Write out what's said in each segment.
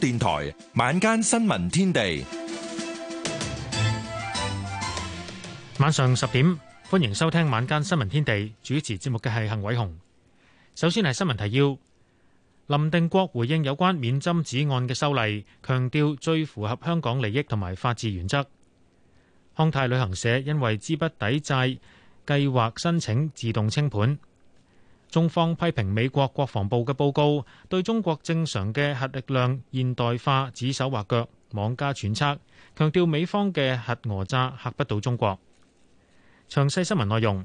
電台晚間新聞天地，晚上十點，歡迎收聽晚間新聞天地。主持節目嘅係幸偉雄。首先係新聞提要：林定國回應有關免針紙案嘅修例，強調最符合香港利益同埋法治原則。康泰旅行社因為資不抵債，計劃申請自動清盤。中方批評美國國防部嘅報告對中國正常嘅核力量現代化指手畫腳、妄加揣測，強調美方嘅核訛詐嚇不到中國。詳細新聞內容，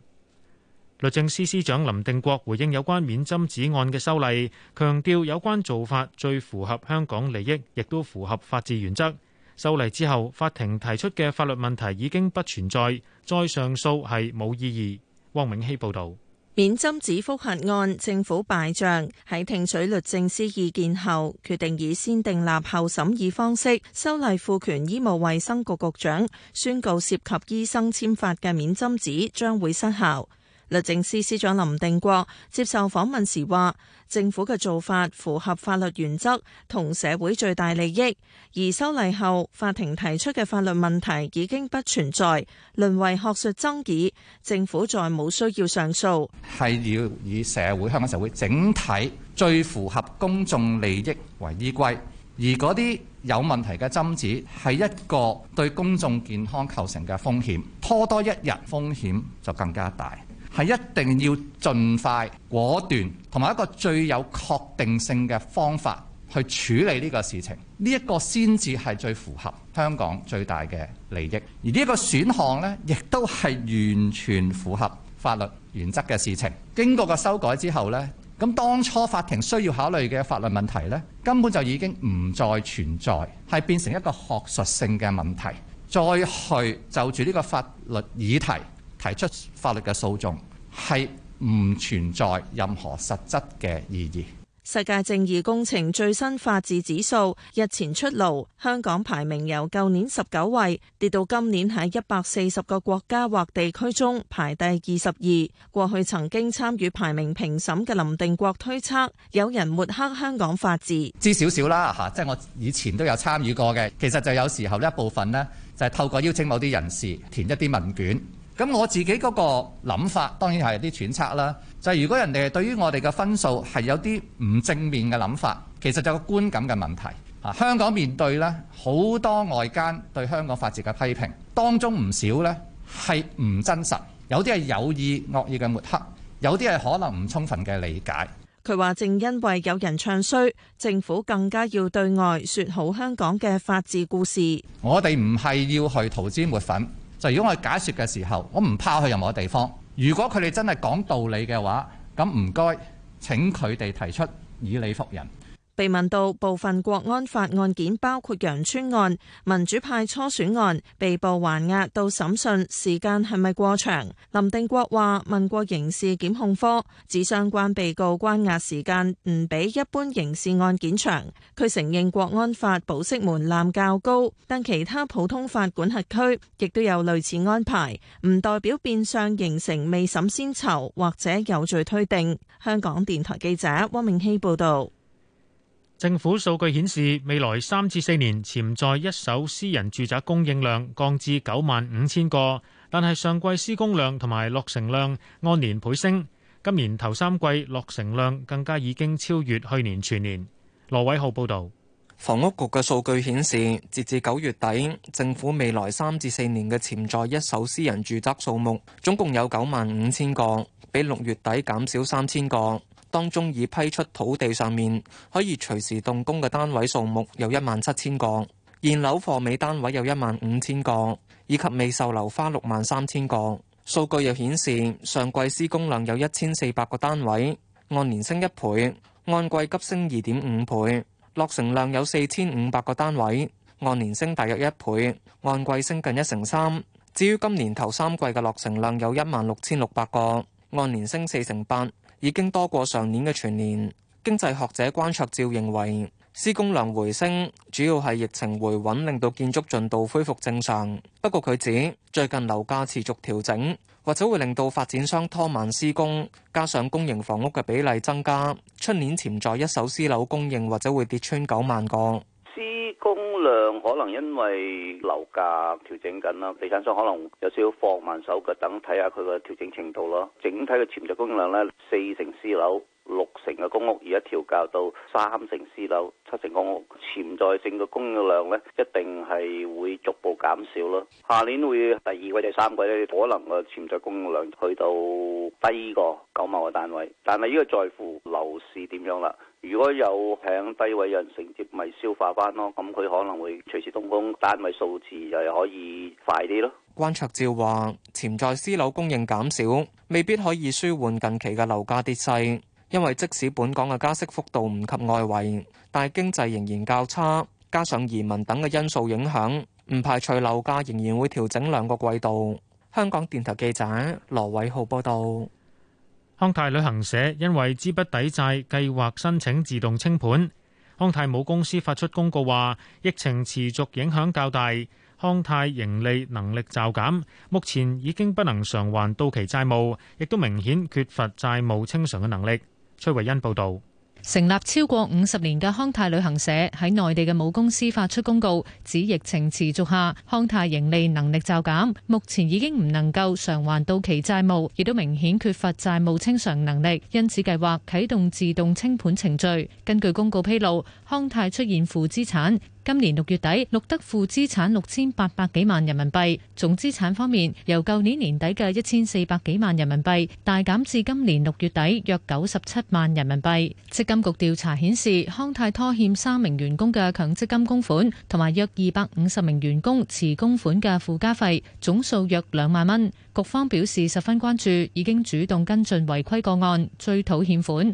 律政司司長林定國回應有關免針紙案嘅修例，強調有關做法最符合香港利益，亦都符合法治原則。修例之後，法庭提出嘅法律問題已經不存在，再上訴係冇意義。汪永熙報道。免針紙覆核案政府敗仗，喺聽取律政司意見後，決定以先訂立後審議方式，修例賦權醫務衛生局局長宣告涉及醫生簽發嘅免針紙將會失效。律政司司長林定國接受訪問時話，政府嘅做法符合法律原則同社會最大利益。而修例後，法庭提出嘅法律問題已經不存在，淪為學術爭議。政府再冇需要上訴，係要以社會香港社會整體最符合公眾利益為依歸。而嗰啲有問題嘅針紙，係一個對公眾健康構成嘅風險，拖多一日，風險就更加大。係一定要盡快、果斷同埋一個最有確定性嘅方法去處理呢個事情，呢一個先至係最符合香港最大嘅利益，而呢一個選項呢，亦都係完全符合法律原則嘅事情。經過個修改之後呢，咁當初法庭需要考慮嘅法律問題呢，根本就已經唔再存在，係變成一個學術性嘅問題，再去就住呢個法律議題，提出法律嘅訴訟係唔存在任何實質嘅意義。世界正義工程最新法治指數日前出爐，香港排名由舊年十九位跌到今年喺一百四十個國家或地區中排第二十二。過去曾經參與排名評審嘅林定國推測，有人抹黑香港法治。知少少啦嚇，即係我以前都有參與過嘅。其實就有時候呢一部分呢，就係、是、透過邀請某啲人士填一啲問卷。咁我自己嗰個諗法當然係啲揣測啦，就係如果人哋係對於我哋嘅分數係有啲唔正面嘅諗法，其實就個觀感嘅問題。啊，香港面對呢好多外間對香港法治嘅批評，當中唔少呢係唔真實，有啲係有意惡意嘅抹黑，有啲係可能唔充分嘅理解。佢話：正因為有人唱衰，政府更加要對外説好香港嘅法治故事。我哋唔係要去塗脂抹粉。就如果我假説嘅時候，我唔怕去任何地方。如果佢哋真係講道理嘅話，咁唔該請佢哋提出以理服人。被問到部分國安法案件，包括羊村案、民主派初選案，被捕還押到審訊時間係咪過長？林定國話：問過刑事檢控科，指相關被告關押時間唔比一般刑事案件長。佢承認國安法保釋門檻較高，但其他普通法管轄區亦都有類似安排，唔代表變相形成未審先囚或者有罪推定。香港電台記者汪明熙報導。政府數據顯示，未來三至四年潛在一手私人住宅供應量降至九萬五千個，但係上季施工量同埋落成量按年倍升，今年頭三季落成量更加已經超越去年全年。羅偉浩報導。房屋局嘅數據顯示，截至九月底，政府未來三至四年嘅潛在一手私人住宅數目總共有九萬五千個，比六月底減少三千個。當中已批出土地上面可以隨時動工嘅單位數目有一萬七千個，現樓貨尾單位有一萬五千個，以及未售樓花六萬三千個。數據又顯示，上季施工量有一千四百個單位，按年升一倍，按季急升二點五倍。落成量有四千五百個單位，按年升大約一倍，按季升近一成三。至於今年頭三季嘅落成量有一萬六千六百個，按年升四成八。已經多過上年嘅全年。經濟學者關卓照認為，施工量回升主要係疫情回穩，令到建築進度恢復正常。不過佢指，最近樓價持續調整，或者會令到發展商拖慢施工，加上公營房屋嘅比例增加，出年潛在一手私樓供應或者會跌穿九萬個。供量可能因為樓價調整緊啦，地產商可能有少少放慢手腳，等睇下佢個調整程度咯。整體嘅潛在供量咧，四成私樓。六成嘅公屋，而家調校到三成私樓、七成公屋，潛在性嘅供應量咧，一定係會逐步減少咯。下年會第二季第三季呢，可能個潛在供應量去到低過九萬個單位，但係呢個在乎樓市點樣啦。如果有響低位人承接，咪消化翻咯。咁佢可能會隨時動工，單位數字就可以快啲咯。關卓照話：潛在私樓供應減少，未必可以舒緩近期嘅樓價跌勢。因為即使本港嘅加息幅度唔及外圍，但係經濟仍然較差，加上移民等嘅因素影響，唔排除樓價仍然會調整兩個季度。香港電台記者羅偉浩報道。康泰旅行社因為資不抵債，計劃申請自動清盤。康泰母公司發出公告話，疫情持續影響較大，康泰盈利能力驟減，目前已經不能償還到期債務，亦都明顯缺乏債務清償嘅能力。崔維恩報道：成立超過五十年嘅康泰旅行社喺內地嘅母公司發出公告，指疫情持續下，康泰盈利能力驟減，目前已經唔能夠償還到期債務，亦都明顯缺乏債務清償能力，因此計劃啟動自動清盤程序。根據公告披露，康泰出現負資產。今年六月底，錄得負資產六千八百幾萬人民幣，總資產方面由舊年年底嘅一千四百幾萬人民幣，大減至今年六月底約九十七萬人民幣。積金局調查顯示，康泰拖欠三名員工嘅強積金供款，同埋約二百五十名員工遲供款嘅附加費，總數約兩萬蚊。局方表示十分關注，已經主動跟進違規個案，追討欠款。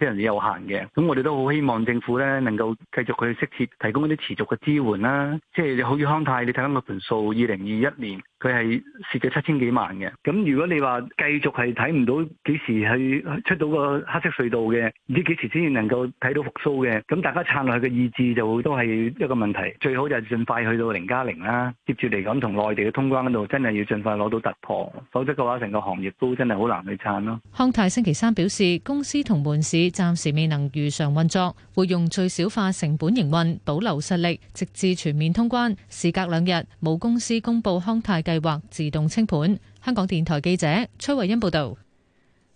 非常之有限嘅，咁我哋都好希望政府咧能夠繼續去適切提供一啲持續嘅支援啦。即係好似康泰，你睇翻個盤數，二零二一年佢係蝕咗七千幾萬嘅。咁如果你話繼續係睇唔到幾時去出到個黑色隧道嘅，唔知幾時先至能夠睇到復蘇嘅，咁大家撐落去嘅意志就都係一個問題，最好就係盡快去到零加零啦，接住嚟咁同內地嘅通關嗰度，真係要盡快攞到突破，否則嘅話成個行業都真係好難去撐咯。康泰星期三表示，公司同門市暫時未能如常運作，會用最小化成本營運，保留實力，直至全面通關。事隔兩日，冇公司公布康泰計劃自動清盤。香港電台記者崔慧欣報道。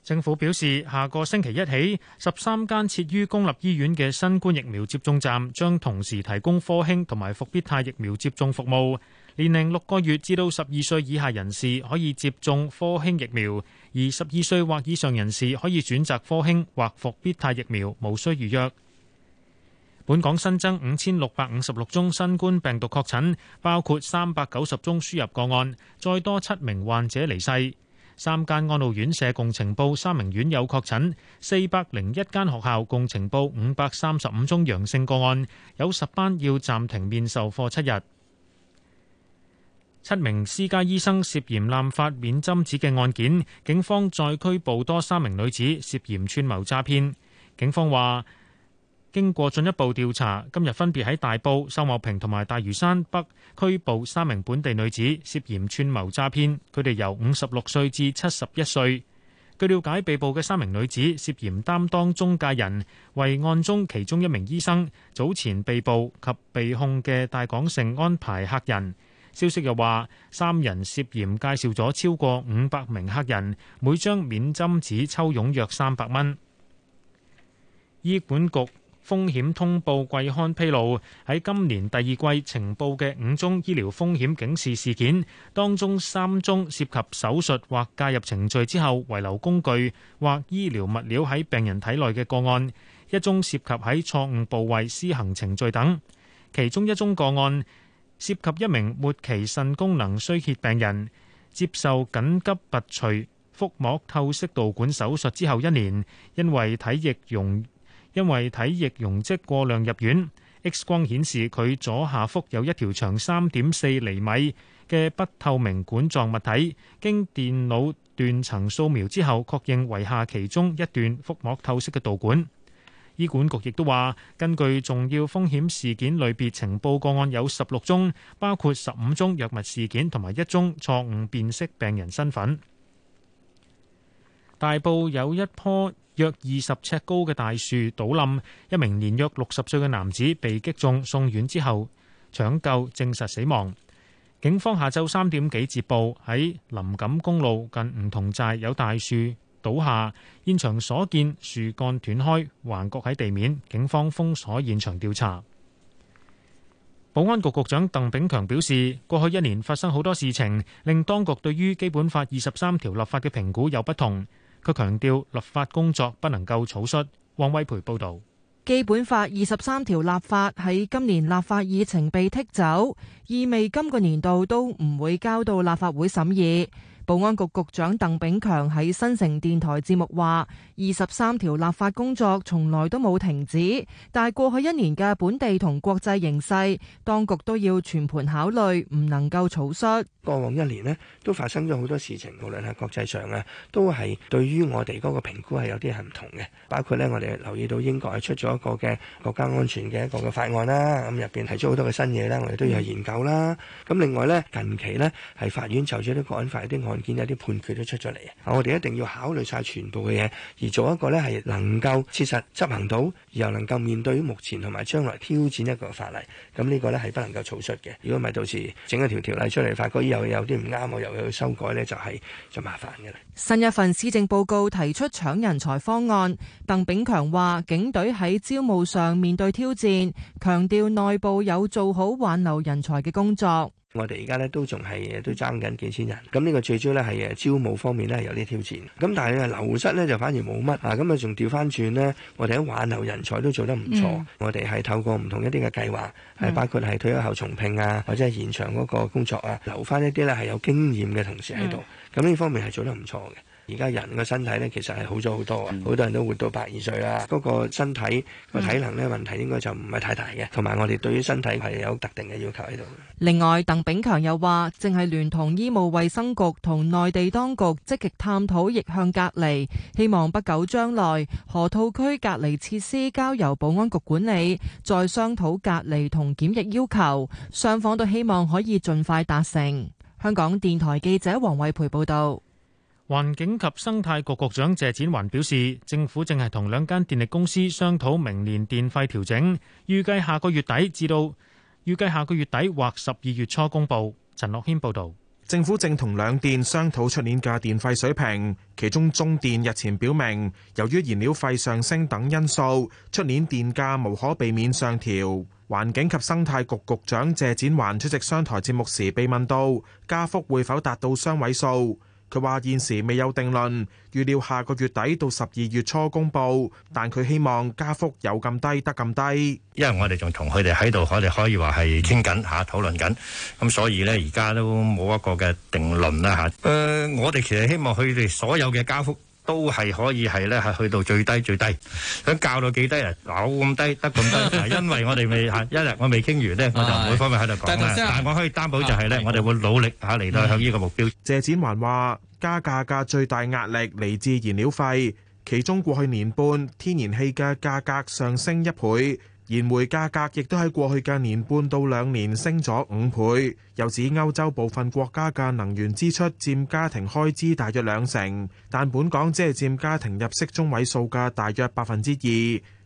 政府表示，下個星期一起，十三間設於公立醫院嘅新冠疫苗接種站，將同時提供科興同埋復必泰疫苗接種服務。年齡六個月至到十二歲以下人士可以接種科興疫苗。而十二歲或以上人士可以選擇科興或復必泰疫苗，無需預約。本港新增五千六百五十六宗新冠病毒確診，包括三百九十宗輸入個案，再多七名患者離世。三間安老院舍共呈報三名院友確診，四百零一間學校共呈報五百三十五宗陽性個案，有十班要暫停面授課七日。七名私家醫生涉嫌濫發免針紙嘅案件，警方再拘捕多三名女子涉嫌串謀詐騙。警方話，經過進一步調查，今日分別喺大埔、秀茂坪同埋大嶼山北拘捕三名本地女子，涉嫌串謀詐騙。佢哋由五十六歲至七十一歲。據了解，被捕嘅三名女子涉嫌擔當中介人為案中其中一名醫生早前被捕及被控嘅大港城安排客人。消息又話，三人涉嫌介紹咗超過五百名客人，每張免針紙抽傭約三百蚊。醫管局風險通報季刊披露，喺今年第二季呈報嘅五宗醫療風險警示事件，當中三宗涉及手術或介入程序之後遺留工具或醫療物料喺病人體內嘅個案，一宗涉及喺錯誤部位施行程序等，其中一宗個案。涉及一名末期腎功能衰竭病人，接受緊急拔除腹膜透析導管手術之後一年，因為體液容因為體液容積過量入院，X 光顯示佢左下腹有一條長三點四厘米嘅不透明管狀物體經電腦斷層掃描之後確認為下其中一段腹膜透析嘅導管。醫管局亦都話，根據重要風險事件類別情報個案有十六宗，包括十五宗藥物事件同埋一宗錯誤辨識病人身份。大埔有一棵約二十尺高嘅大樹倒冧，一名年約六十歲嘅男子被擊中，送院之後搶救證實死亡。警方下晝三點幾接報，喺林錦公路近梧桐寨有大樹倒下，現場所見樹幹斷開，橫擱喺地面。警方封鎖現場調查。保安局局長鄧炳強表示，過去一年發生好多事情，令當局對於基本法二十三條立法嘅評估有不同。佢強調，立法工作不能夠草率。汪威培報導，基本法二十三條立法喺今年立法議程被剔走，意味今個年度都唔會交到立法會審議。保安局局長鄧炳強喺新城電台節目話，二十三條立法工作從來都冇停止，但係過去一年嘅本地同國際形勢，當局都要全盤考慮，唔能夠草率。過往一年呢，都發生咗好多事情，無論係國際上啊，都係對於我哋嗰個評估係有啲係唔同嘅。包括呢，我哋留意到英國係出咗一個嘅國家安全嘅一個嘅法案啦，咁入邊提出好多嘅新嘢啦，我哋都要去研究啦。咁、嗯、另外呢，近期呢，係法院就住一啲國安法啲案件有啲判決都出咗嚟。我哋一定要考慮晒全部嘅嘢，而做一個呢係能夠切實執行到，而又能夠面對於目前同埋將來挑戰一個法例。咁呢個呢係不能夠草率嘅。如果唔係，到時整一條條例出嚟，法官又有啲唔啱，我又要修改呢，就係就麻煩嘅啦。新一份施政報告提出搶人才方案，鄧炳強話警隊喺招募上面對挑戰，強調內部有做好挽留人才嘅工作。我哋而家咧都仲係都爭緊幾千人，咁、這、呢個最主要咧係誒招募方面咧有啲挑戰，咁但係流失咧就反而冇乜啊，咁啊仲調翻轉咧，我哋喺挽留人才都做得唔錯，嗯、我哋係透過唔同一啲嘅計劃，係、嗯、包括係退休後重聘啊，或者係延長嗰個工作啊，留翻一啲咧係有經驗嘅同事喺度，咁呢、嗯、方面係做得唔錯嘅。而家人嘅身體咧，其實係好咗好多啊！好、嗯、多人都活到百二歲啦，嗰、那個身體個體能咧問題應該就唔係太大嘅。同埋我哋對於身體係有特定嘅要求喺度。另外，鄧炳強又話，正係聯同醫務衛生局同內地當局積極探討逆向隔離，希望不久將來河套區隔離設施交由保安局管理，再商討隔離同檢疫要求。雙方都希望可以盡快達成。香港電台記者黃偉培報道。環境及生態局局長謝展環表示，政府正係同兩間電力公司商討明年電費調整，預計下個月底至到預計下個月底或十二月初公布。陳樂軒報道，政府正同兩電商討出年嘅電費水平，其中中電日前表明，由於燃料費上升等因素，出年電價無可避免上調。環境及生態局局長謝展環出席商台節目時被問到，加幅會否達到雙位數？佢話現時未有定論，預料下個月底到十二月初公布，但佢希望加幅有咁低得咁低，因為我哋仲同佢哋喺度，我哋可以話係傾緊吓討論緊，咁所以咧而家都冇一個嘅定論啦吓。誒、啊呃，我哋其實希望佢哋所有嘅加幅，都係可以係咧，係去到最低最低，想教到幾低啊？有咁低，得咁低，因為我哋未吓一日，我未傾完咧，我就唔會方便喺度講。但係我可以擔保就係咧，我哋會努力吓嚟到向呢個目標。謝展環話，加價嘅最大壓力嚟自燃料費，其中過去年半天然氣嘅價格上升一倍。燃煤價格亦都喺過去嘅年半到兩年升咗五倍。又指歐洲部分國家嘅能源支出佔家庭開支大約兩成，但本港只係佔家庭入息中位數嘅大約百分之二，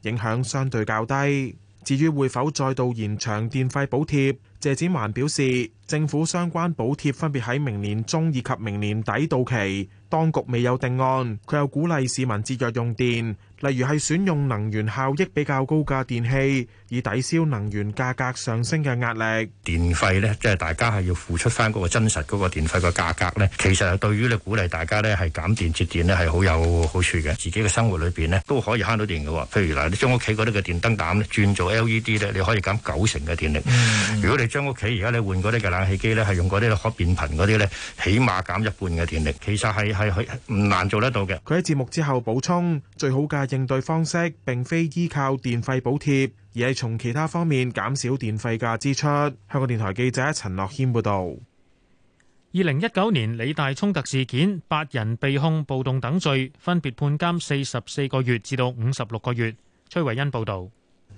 影響相對較低。至於會否再度延長電費補貼，謝展寰表示，政府相關補貼分別喺明年中以及明年底到期，當局未有定案。佢又鼓勵市民節約用電。例如係選用能源效益比較高嘅電器，以抵消能源價格上升嘅壓力。電費咧，即係大家係要付出返嗰個真實嗰個電費嘅價格咧。其實係對於你鼓勵大家咧係減電節電咧係好有好處嘅。自己嘅生活裏邊咧都可以慳到電嘅、哦。譬如嗱，你將屋企嗰啲嘅電燈膽咧轉做 LED 咧，你可以減九成嘅電力。 如果你將屋企而家你換嗰啲嘅冷氣機咧，係用嗰啲可變頻嗰啲咧，起碼減一半嘅電力。其實係係係唔難做得到嘅。佢喺節目之後補充，最好嘅。應對方式並非依靠電費補貼，而係從其他方面減少電費價支出。香港電台記者陳樂軒報導。二零一九年理大衝突事件，八人被控暴動等罪，分別判監四十四個月至到五十六個月。崔惠恩報導。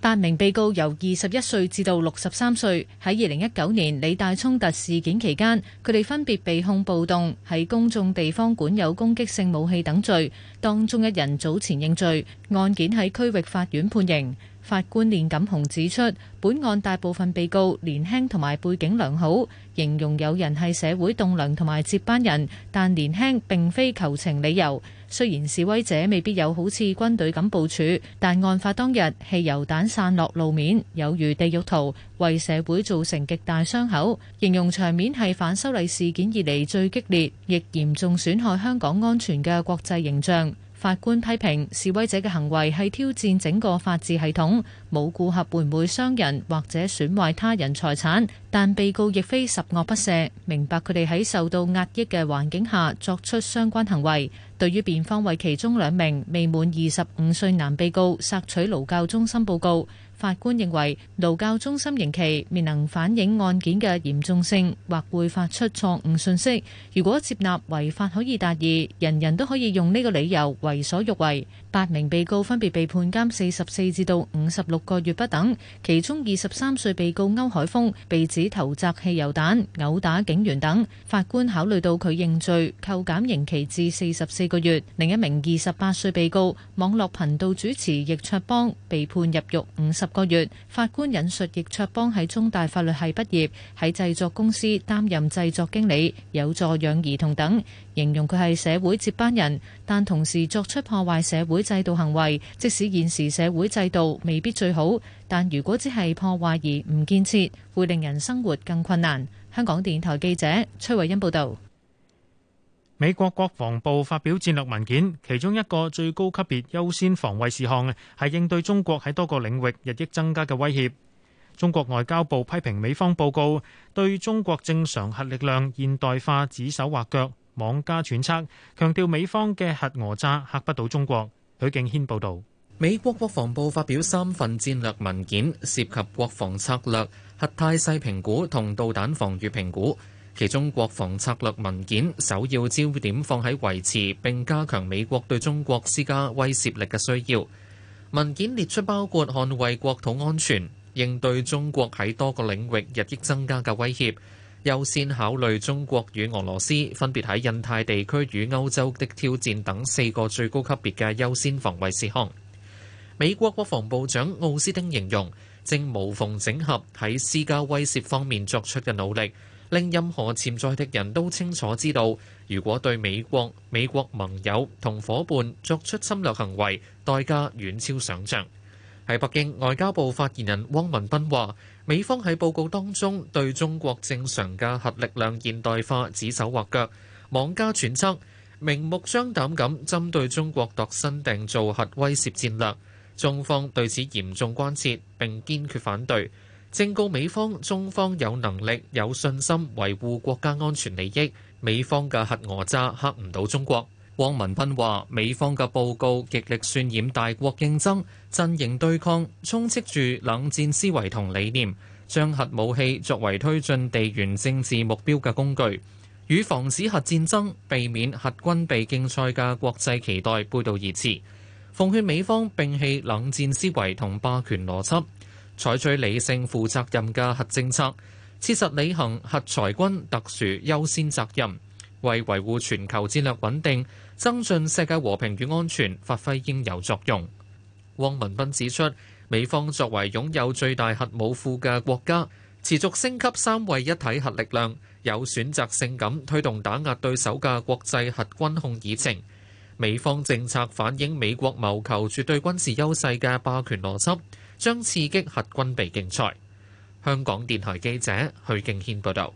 八名被告由二十一歲至到六十三歲，喺二零一九年理大衝突事件期間，佢哋分別被控暴動、喺公眾地方管有攻擊性武器等罪。當中一人早前認罪，案件喺區域法院判刑。法官練錦鴻指出，本案大部分被告年輕同埋背景良好，形容有人係社會棟梁同埋接班人，但年輕並非求情理由。雖然示威者未必有好似軍隊咁部署，但案發當日汽油彈散落路面，有如地獄圖，為社會造成極大傷口，形容場面係反修例事件以嚟最激烈，亦嚴重損害香港安全嘅國際形象。法官批評示威者嘅行為係挑戰整個法治系統，冇顧及會唔會傷人或者損壞他人財產，但被告亦非十惡不赦，明白佢哋喺受到壓抑嘅環境下作出相關行為。對於辯方為其中兩名未滿二十五歲男被告索取勞教中心報告。法官認為，勞教中心刑期未能反映案件嘅嚴重性，或會發出錯誤信息。如果接納違法可以達義，人人都可以用呢個理由為所欲為。八名被告分別被判監四十四至到五十六個月不等，其中二十三歲被告歐海峰被指投擲汽油彈、毆打警員等，法官考慮到佢認罪，扣減刑期至四十四個月。另一名二十八歲被告網絡頻道主持易卓邦被判入獄五十。個月，法官引述易卓邦喺中大法律系畢業，喺製作公司擔任製作經理，有助養兒童等，形容佢係社會接班人，但同時作出破壞社會制度行為。即使現時社會制度未必最好，但如果只係破壞而唔建設，會令人生活更困難。香港電台記者崔慧欣報道。美國國防部發表戰略文件，其中一個最高級別優先防衛事項係應對中國喺多個領域日益增加嘅威脅。中國外交部批評美方報告對中國正常核力量現代化指手畫腳，妄加揣測，強調美方嘅核訛詐嚇不到中國。許敬軒報導。美國國防部發表三份戰略文件，涉及國防策略、核態勢評估同導彈防禦評估。其中國防策略文件首要焦點，放喺維持並加強美國對中國施加威懾力嘅需要。文件列出包括捍衛國土安全、應對中國喺多個領域日益增加嘅威脅、優先考慮中國與俄羅斯分別喺印太地區與歐洲的挑戰等四個最高級別嘅優先防衛事項。美國國防部長奧斯汀形容正無縫整合喺施加威懾方面作出嘅努力。令任何潛在敵人都清楚知道，如果對美國、美國盟友同夥伴作出侵略行為，代價遠超想象。喺北京，外交部發言人汪文斌話：美方喺報告當中對中國正常嘅核力量現代化指手畫腳，妄加揣測，明目張膽咁針對中國度身定造核威懾戰略，中方對此嚴重關切並堅決反對。正告美方，中方有能力、有信心維護國家安全利益。美方嘅核訛詐嚇唔到中國。汪文斌話，美方嘅報告極力渲染大國競爭陣營對抗，充斥住冷戰思維同理念，將核武器作為推進地緣政治目標嘅工具，與防止核戰爭避免核軍備競賽嘅國際期待背道而馳，奉勸美方摒棄冷戰思維同霸權邏輯，採取理性、負責任嘅核政策，切實履行核裁軍特殊優先責任，為維護全球戰略穩定、增進世界和平與安全發揮應有作用。汪文斌指出，美方作為擁有最大核武庫嘅國家，持續升級三位一體核力量，有選擇性咁推動打壓對手嘅國際核軍控議程。美方政策反映美國謀求絕對軍事優勢嘅霸權邏輯。將刺激核軍備競賽。香港電台記者許敬軒報導。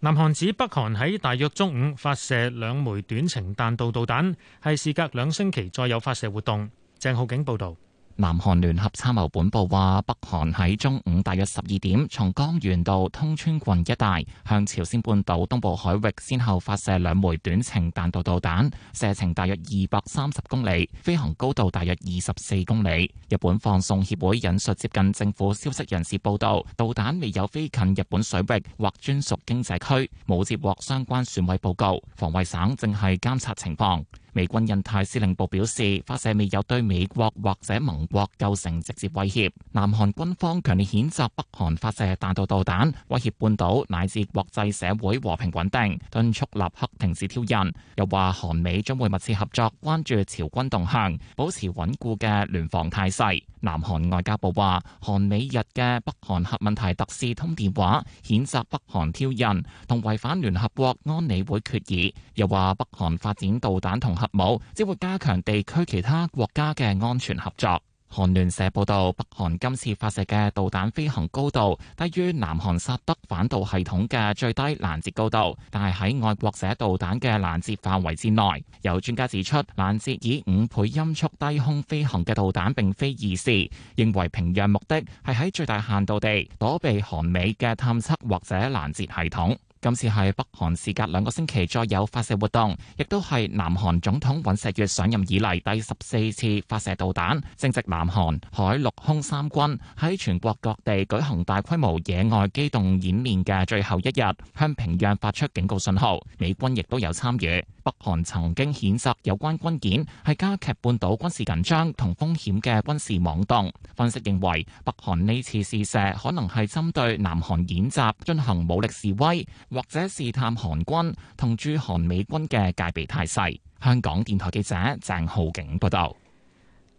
南韓指北韓喺大約中午發射兩枚短程彈道導彈，係事隔兩星期再有發射活動。鄭浩景報導。南韓聯合參謀本部話，北韓喺中午大約十二點，從江原道通川郡一帶向朝鮮半島東部海域先後發射兩枚短程彈道導彈，射程大約二百三十公里，飛行高度大約二十四公里。日本放送協會引述接近政府消息人士報道，導彈未有飛近日本水域或專屬經濟區，冇接獲相關損毀報告，防衛省正係監察情況。美軍印太司令部表示，發射未有對美國或者盟國構成直接威脅。南韓軍方強烈譴責北韓發射彈道導彈，威脅半島乃至國際社會和平穩定，敦促立刻停止挑釁。又話韓美將會密切合作，關注朝軍動向，保持穩固嘅聯防態勢。南韓外交部話，韓美日嘅北韓核問題特使通電話，譴責北韓挑釁同違反聯合國安理會決議，又話北韓發展導彈同核武，只會加強地區其他國家嘅安全合作。韓聯社報道，北韓今次發射嘅導彈飛行高度低於南韓薩德反導系統嘅最低攔截高度，但係喺愛國者導彈嘅攔截範圍之內。有專家指出，攔截以五倍音速低空飛行嘅導彈並非易事，認為平壤目的係喺最大限度地躲避韓美嘅探測或者攔截系統。今次係北韓事隔兩個星期再有發射活動，亦都係南韓總統尹錫悅上任以嚟第十四次發射導彈。正值南韓海陸空三軍喺全國各地舉行大規模野外機動演練嘅最後一日，向平壤發出警告信號。美軍亦都有參與。北韓曾經譴責有關軍演係加劇半島軍事緊張同風險嘅軍事妄動。分析認為，北韓呢次試射可能係針對南韓演習進行武力示威。或者試探韓軍同駐韓美軍嘅戒備態勢。香港電台記者鄭浩景報道。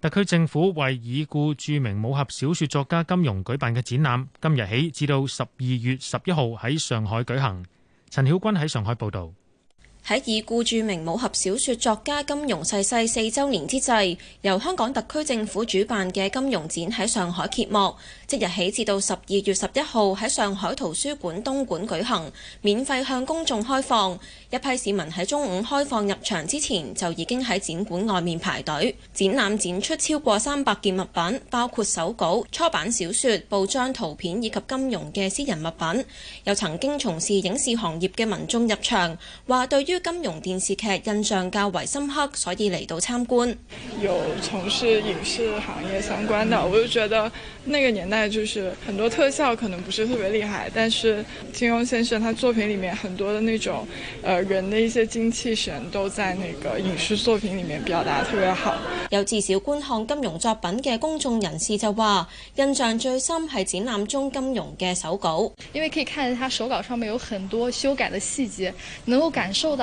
特區政府為已故著名武俠小說作家金庸舉辦嘅展覽，今日起至到十二月十一號喺上海舉行。陳曉君喺上海報道。喺已故著名武俠小說作家金庸逝世四周年之際，由香港特區政府主辦嘅金庸展喺上海揭幕，即日起至到十二月十一號喺上海圖書館東館舉行，免費向公眾開放。一批市民喺中午開放入場之前就已經喺展館外面排隊，展覽展出超過三百件物品，包括手稿、初版小說、報章圖片以及金庸嘅私人物品。又曾經從事影視行業嘅民眾入場話對於於金庸電視劇印象較為深刻，所以嚟到參觀。有從事影視行業相關的，我就覺得那個年代就是很多特效可能不是特別厲害，但是金庸先生他作品裏面很多的那種，呃人的一些精氣神都在那個影視作品裏面表達特別好。有至少觀看金庸作品嘅公眾人士就話，印象最深係展覽中金庸嘅手稿，因為可以看見他手稿上面有很多修改的細節，能夠感受到。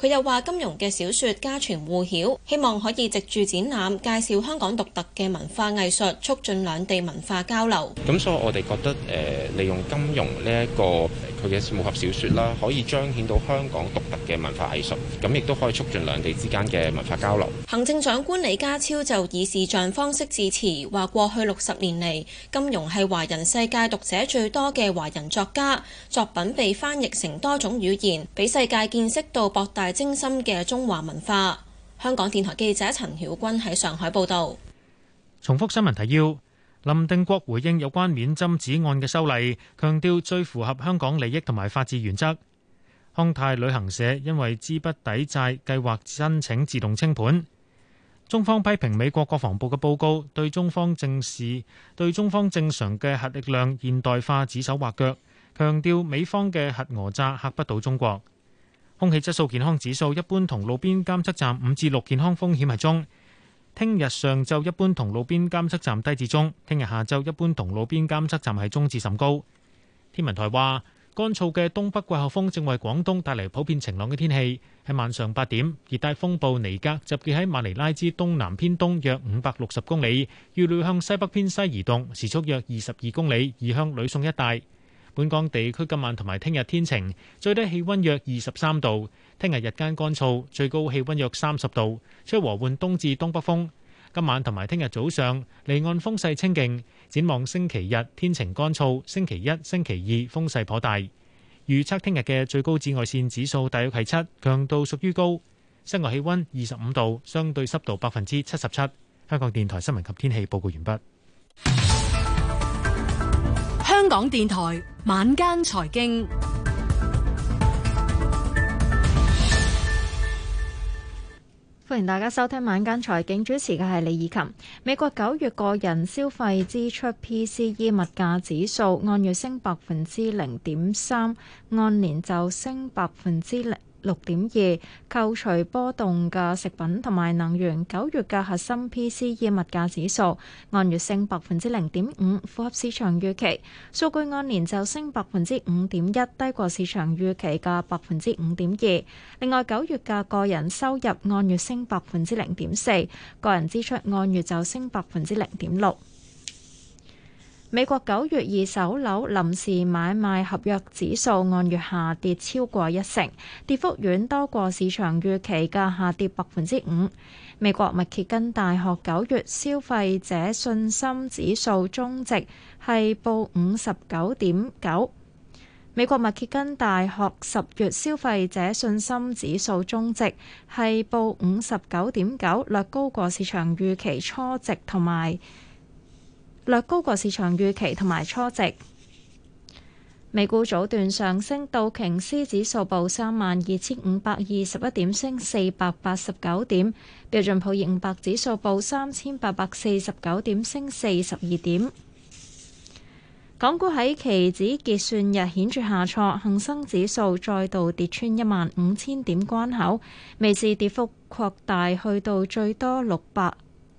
佢又話：金庸嘅小説家傳戶曉，希望可以藉住展覽介紹香港獨特嘅文化藝術，促進兩地文化交流。咁所以我哋覺得，誒、呃、利用金庸呢、這、一個佢嘅武俠小説啦，可以彰顯到香港獨特嘅文化藝術，咁亦都可以促進兩地之間嘅文化交流。行政長官李家超就以視像方式致辭，話過去六十年嚟，金庸係華人世界讀者最多嘅華人作家，作品被翻譯成多種語言，俾世界見識到博大。精心嘅中華文化。香港電台記者陳曉君喺上海報道。重複新聞提要：林定國回應有關免針紙案嘅修例，強調最符合香港利益同埋法治原則，康泰旅行社因為資不抵債計劃申請自動清盤，中方批評美國國防部嘅報告對中方正視對中方正常嘅核力量現代化指手畫腳，強調美方嘅核訛詐嚇不到中國。空氣質素健康指數，一般同路邊監測站五至六，健康風險係中。聽日上晝一般同路邊監測站低至中，聽日下晝一般同路邊監測站係中至甚高。天文台話，乾燥嘅東北季候風正為廣東帶嚟普遍晴朗嘅天氣。喺晚上八點，熱帶風暴尼格集結喺馬尼拉之東南偏東約五百六十公里，預料向西北偏西移動，時速約二十二公里，移向呂宋一帶。本港地區今晚同埋聽日天晴，最低氣温約二十三度。聽日日間乾燥，最高氣温約三十度，吹和緩東至東北風。今晚同埋聽日早上離岸風勢清勁。展望星期日天晴乾燥，星期一、星期二風勢頗大。預測聽日嘅最高紫外線指數大約係七，強度屬於高。室外氣温二十五度，相對濕度百分之七十七。香港電台新聞及天氣報告完畢。香港電台晚間財經，歡迎大家收聽晚間財經，主持嘅係李以琴。美國九月個人消費支出 PCE 物價指數按月升百分之零點三，按年就升百分之零。六點二，2，扣除波動嘅食品同埋能源，九月嘅核心 PCE 物價指數按月升百分之零點五，符合市場預期。數據按年就升百分之五點一，低過市場預期嘅百分之五點二。另外，九月嘅個人收入按月升百分之零點四，個人支出按月就升百分之零點六。美國九月二手樓臨時買賣合約指數按月下跌超過一成，跌幅遠多過市場預期嘅下跌百分之五。美國密歇根大學九月消費者信心指數終值係報五十九點九。美國密歇根大學十月消費者信心指數終值係報五十九點九，略高過市場預期初值同埋。略高過市場預期同埋初值。美股早段上升，道瓊斯指數報三萬二千五百二十一點，升四百八十九點；標準普爾五百指數報三千八百四十九點，升四十二點。港股喺期指結算日顯著下挫，恒生指數再度跌穿一萬五千點關口，未至跌幅擴大，去到最多六百，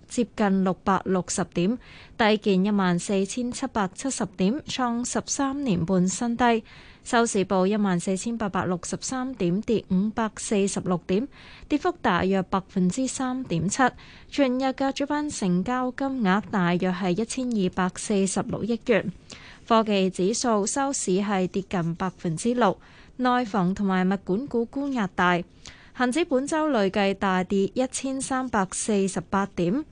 接近六百六十點，低見一萬四千七百七十點，創十三年半新低。收市報一萬四千八百六十三點，跌五百四十六點，跌幅大約百分之三點七。全日嘅主板成交金額大約係一千二百四十六億元。科技指數收市係跌近百分之六，內房同埋物管股沽壓大。恒指本周累計大跌一千三百四十八點，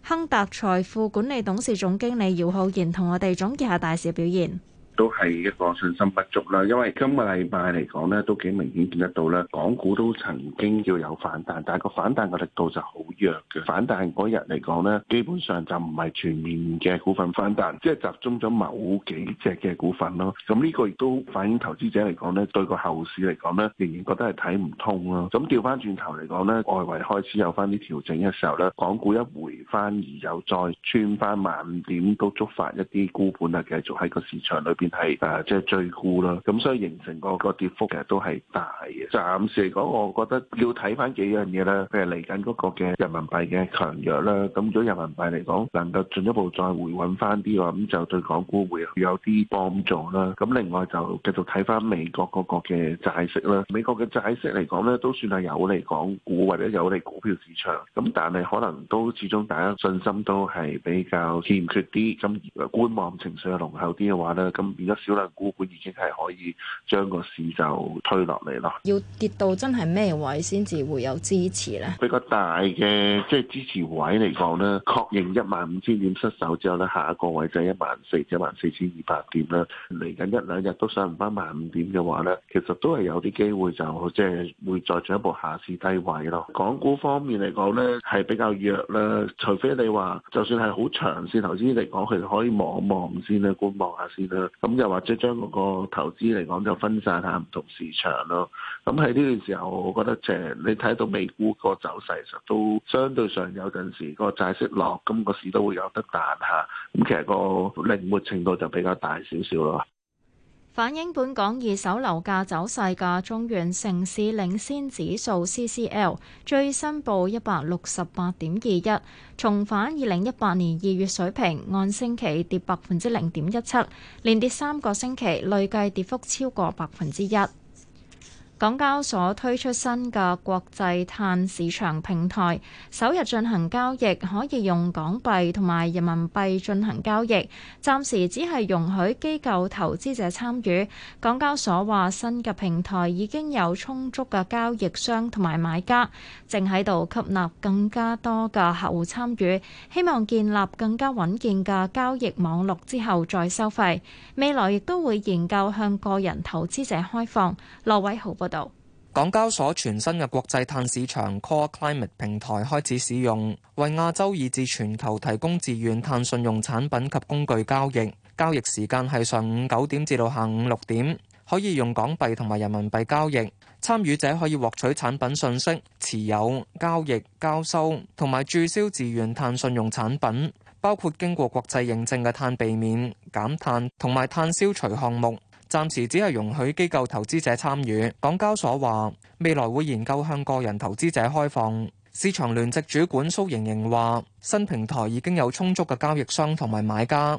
亨達財富管理董事總經理姚浩然同我哋總結下大市表現。都係一個信心不足啦，因為今個禮拜嚟講咧，都幾明顯見得到咧，港股都曾經要有反彈，但係個反彈嘅力度就好弱嘅。反彈嗰日嚟講咧，基本上就唔係全面嘅股份反彈，即係集中咗某幾隻嘅股份咯。咁呢個亦都反映投資者嚟講咧，對個後市嚟講咧，仍然覺得係睇唔通咯。咁調翻轉頭嚟講咧，外圍開始有翻啲調整嘅時候咧，港股一回翻而又再穿翻萬五點，都觸發一啲沽盤啊，繼續喺個市場裏邊。係誒，即係最高啦。咁所以形成嗰個跌幅其實都係大嘅。暫時嚟講，我覺得要睇翻幾樣嘢啦。譬如嚟緊嗰個嘅人民幣嘅強弱啦，咁如果人民幣嚟講能夠進一步再回穩翻啲嘅話，咁就對港股會有啲幫助啦。咁另外就繼續睇翻美國嗰個嘅債息啦。美國嘅債息嚟講咧，都算係有利港股或者有利股票市場。咁但係可能都始終大家信心都係比較欠缺啲，咁而觀望情緒又濃厚啲嘅話咧，咁。而家少量股本已經係可以將個市就推落嚟咯。要跌到真係咩位先至會有支持咧？比較大嘅即係支持位嚟講咧，確認一萬五千點失守之後咧，下一個位就係一萬四、一萬四千二百點啦。嚟緊一兩日都上唔翻萬五點嘅話咧，其實都係有啲機會就即係、就是、會再進一步下試低位咯。港股方面嚟講咧，係比較弱啦。除非你話，就算係好長線，頭先嚟講，其實可以望望先啦，觀望下先啦。咁又或者將嗰個投資嚟講就分散下唔同市場咯。咁喺呢段時候，我覺得即係你睇到美股個走勢，其實都相對上有陣時個債息落，咁個市都會有得彈下。咁其實個靈活程度就比較大少少咯。反映本港二手樓價走勢嘅中原城市領先指數 （CCL） 最新報一百六十八點二一，重返二零一八年二月水平，按星期跌百分之零點一七，連跌三個星期，累計跌幅超過百分之一。港交所推出新嘅國際碳市場平台，首日進行交易，可以用港幣同埋人民幣進行交易。暫時只係容許機構投資者參與。港交所話新嘅平台已經有充足嘅交易商同埋買家，正喺度吸納更加多嘅客戶參與，希望建立更加穩健嘅交易網絡之後再收費，未來亦都會研究向個人投資者開放。羅偉豪報。港交所全新嘅國際碳市場 Core Climate 平台開始使用，為亞洲以至全球提供自願碳信用產品及工具交易。交易時間係上午九點至到下午六點，可以用港幣同埋人民幣交易。參與者可以獲取產品信息、持有、交易、交收同埋注銷自願碳信用產品，包括經過國際認證嘅碳避免、減碳同埋碳消除項目。暫時只係容許機構投資者參與，港交所話未來會研究向個人投資者開放。市場聯席主管蘇瑩瑩話：新平台已經有充足嘅交易商同埋買家。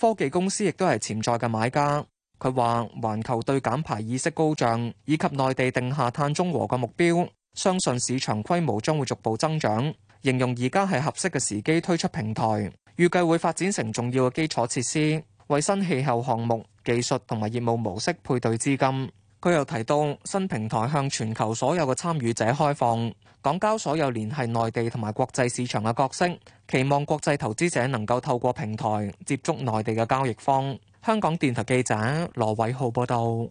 科技公司亦都係潛在嘅買家，佢話環球對減排意識高漲，以及內地定下碳中和嘅目標，相信市場規模將會逐步增長，形容而家係合適嘅時機推出平台，預計會發展成重要嘅基礎設施，為新氣候項目技術同埋業務模式配對資金。佢又提到新平台向全球所有嘅參與者開放，港交所有聯繫內地同埋國際市場嘅角色，期望國際投資者能夠透過平台接觸內地嘅交易方。香港電台記者羅偉浩報道。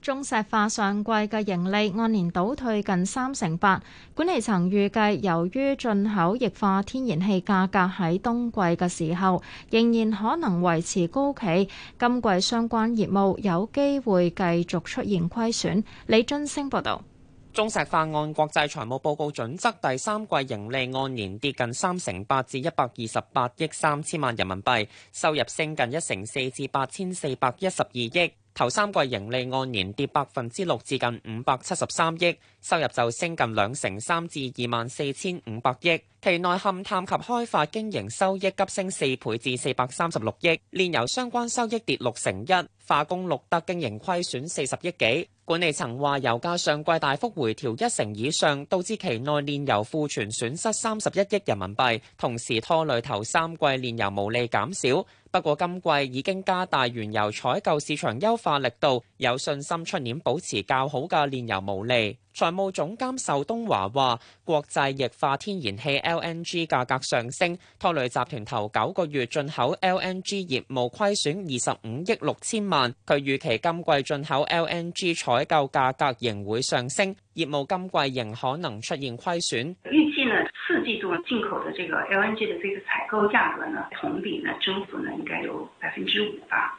中石化上季嘅盈利按年倒退近三成八，管理層預計，由於進口液化天然氣價格喺冬季嘅時候仍然可能維持高企，今季相關業務有機會繼續出現虧損。李津升報道，中石化按國際財務報告準則，第三季盈利按年跌近三成八，至一百二十八億三千萬人民幣，收入升近一成四，至八千四百一十二億。頭三季盈利按年跌百分之六，至近五百七十三億，收入就升近兩成三，至二萬四千五百億。期內，勘探及開發經營收益急升四倍至，至四百三十六億，煉油相關收益跌六成一。化工錄得經營虧損四十億幾。管理層話，油價上季大幅回調一成以上，導致期內煉油庫存損失三十一億人民幣，同時拖累頭三季煉油毛利減少。不過，今季已經加大原油採購市場優化力度，有信心出年保持較好嘅煉油毛利。財務總監壽東華話：國際液化天然氣 LNG 價格上升，拖累集團頭九個月進口 LNG 業務虧損二十五億六千萬。佢預期今季進口 LNG 採購價格仍會上升，業務今季仍可能出現虧損。預計呢四季度進口的這個 LNG 的這個採購價格呢，同比呢增幅呢應該有百分之五吧。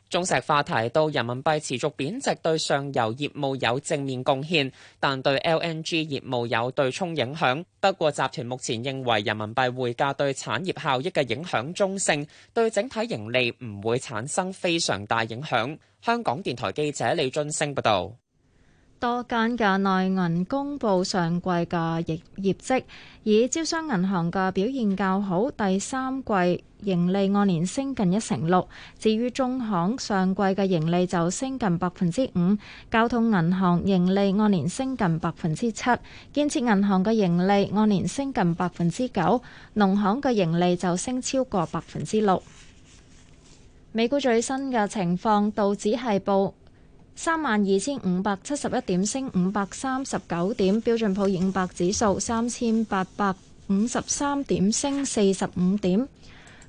中石化提到，人民幣持續貶值對上游業務有正面貢獻，但對 LNG 業務有對沖影響。不過集團目前認為人民幣匯價對產業效益嘅影響中性，對整體盈利唔會產生非常大影響。香港電台記者李俊升報道。多間嘅內銀公佈上季嘅業業績，以招商銀行嘅表現較好，第三季盈利按年升近一成六。至於中行上季嘅盈利就升近百分之五，交通銀行盈利按年升近百分之七，建設銀行嘅盈利按年升近百分之九，農行嘅盈利就升超過百分之六。美股最新嘅情況，道指係報三萬二千五百七十一點升五百三十九點，標準普爾五百指數三千八百五十三點升四十五點。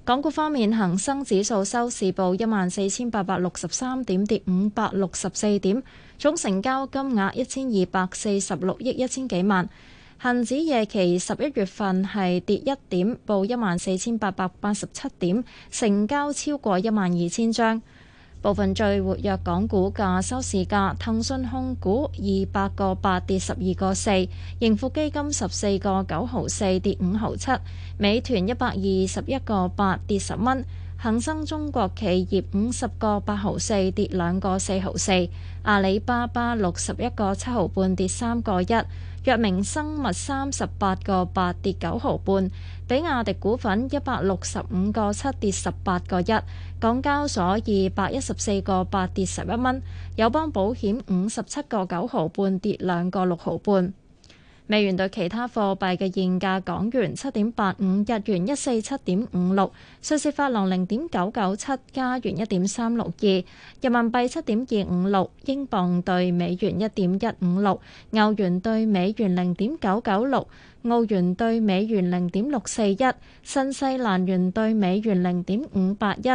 港股方面，恒生指數收市報一萬四千八百六十三點跌五百六十四點，總成交金額一千二百四十六億一千幾萬。恒指夜期十一月份係跌一點，報一萬四千八百八十七點，成交超過一萬二千張。部分最活躍港股價、收市價，騰訊控股二百個八跌十二個四，盈富基金十四個九毫四跌五毫七，美團一百二十一個八跌十蚊，恒生中國企業五十個八毫四跌兩個四毫四，阿里巴巴六十一個七毫半跌三個一。藥明生物三十八個八跌九毫半，比亞迪股份一百六十五個七跌十八個一，港交所二百一十四個八跌十一蚊，友邦保險五十七個九毫半跌兩個六毫半。美元兌其他貨幣嘅現價：港元七點八五，日元一四七點五六，瑞士法郎零點九九七，加元一點三六二，人民幣七點二五六，英鎊對美元一點一五六，歐元對美元零點九九六，澳元對美元零點六四一，新西蘭元對美元零點五八一。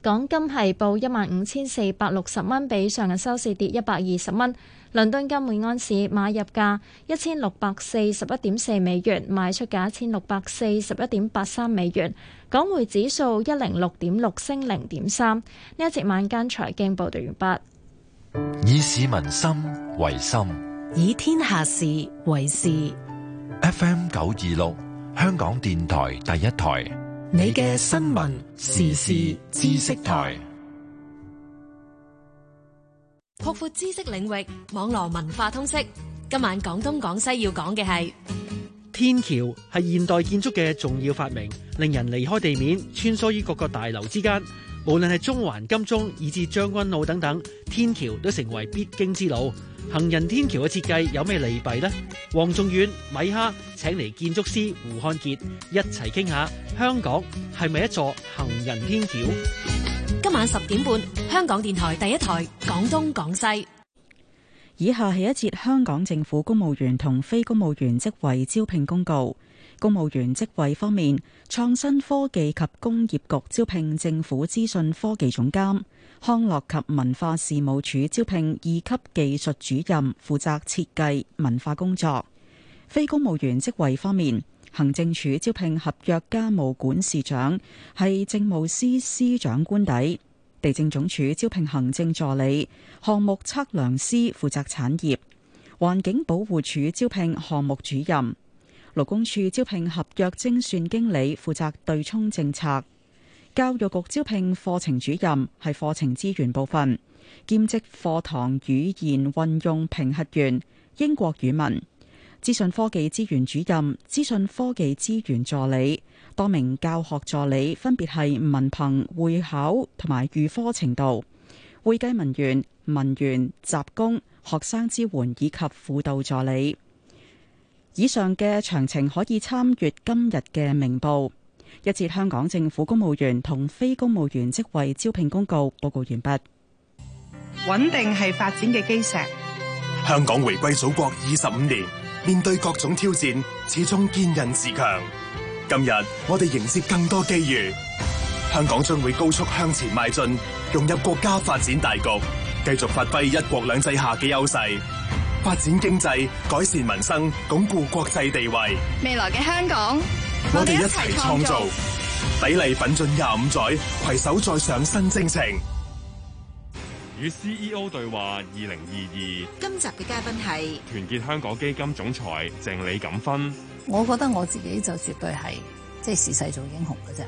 港金係報一萬五千四百六十蚊，比上日收市跌一百二十蚊。倫敦金每安士買入價一千六百四十一點四美元，賣出價一千六百四十一點八三美元。港匯指數一零六點六升零點三。呢一節晚間財經報道完畢。以市民心為心，以天下事為事。FM 九二六，香港電台第一台。你嘅新聞時事知識台，擴闊知識領域，網羅文化通識。今晚講東講西要講嘅係天橋，係現代建築嘅重要發明，令人離開地面穿梭於各個大樓之間。無論係中環、金鐘以至將軍澳等等，天橋都成為必經之路。行人天橋嘅設計有咩利弊呢？黃仲遠、米哈請嚟建築師胡漢傑一齊傾下，香港係咪一座行人天橋？今晚十點半，香港電台第一台，廣東廣西。以下係一節香港政府公務員同非公務員職位招聘公告。公務員職位方面，創新科技及工業局招聘政府資訊科技總監。康樂及文化事務署招聘二級技術主任，負責設計文化工作。非公務員職位方面，行政署招聘合約家務管事長，係政務司司長官邸；地政總署招聘行政助理、項目測量師，負責產業。環境保護署招聘項目主任。勞工處招聘合約精算經理，負責對沖政策。教育局招聘課程主任係課程資源部分，兼職課堂語言運用評核員、英國語文資訊科技資源主任、資訊科技資源助理，多名教學助理分別係文憑會考同埋預科程度會計文員、文員、雜工、學生支援以及輔導助理。以上嘅詳情可以參閱今日嘅明報。一次香港政府公務員同非公務員職位招聘公告報告完畢。穩定係發展嘅基石。香港回歸祖國二十五年，面對各種挑戰，始終堅韌自強。今日我哋迎接更多機遇，香港將會高速向前邁進，融入國家發展大局，繼續發揮一國兩制下嘅優勢，發展經濟，改善民生，鞏固國際地位。未來嘅香港。我哋一齊創造，砥礪奮進廿五載，攜手再上新征程。與 CEO 對話二零二二，2022，今集嘅嘉賓係團結香港基金總裁鄭李錦芬。我覺得我自己就絕對係即係時勢造英雄嘅啫。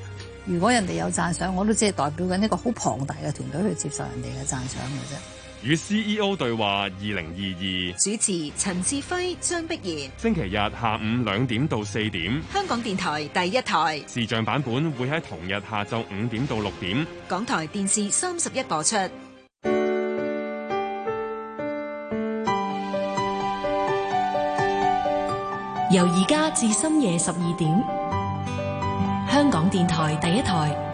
如果人哋有讚賞，我都只係代表緊一個好龐大嘅團隊去接受人哋嘅讚賞嘅啫。與 CEO 對話二零二二，主持陳志輝、張碧賢，星期日下午兩點到四點，香港電台第一台，視像版本會喺同日下晝五點到六點，港台電視三十一播出，由而家至深夜十二點，香港電台第一台。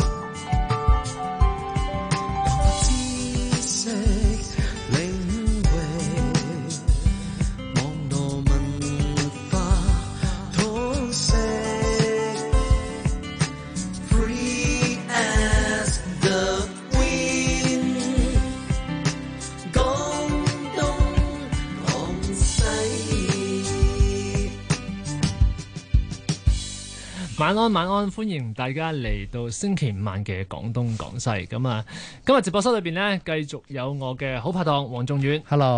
晚安，晚安！歡迎大家嚟到星期五晚嘅廣東廣西。咁啊，今日直播室裏邊咧，繼續有我嘅好拍檔黃仲遠，hello。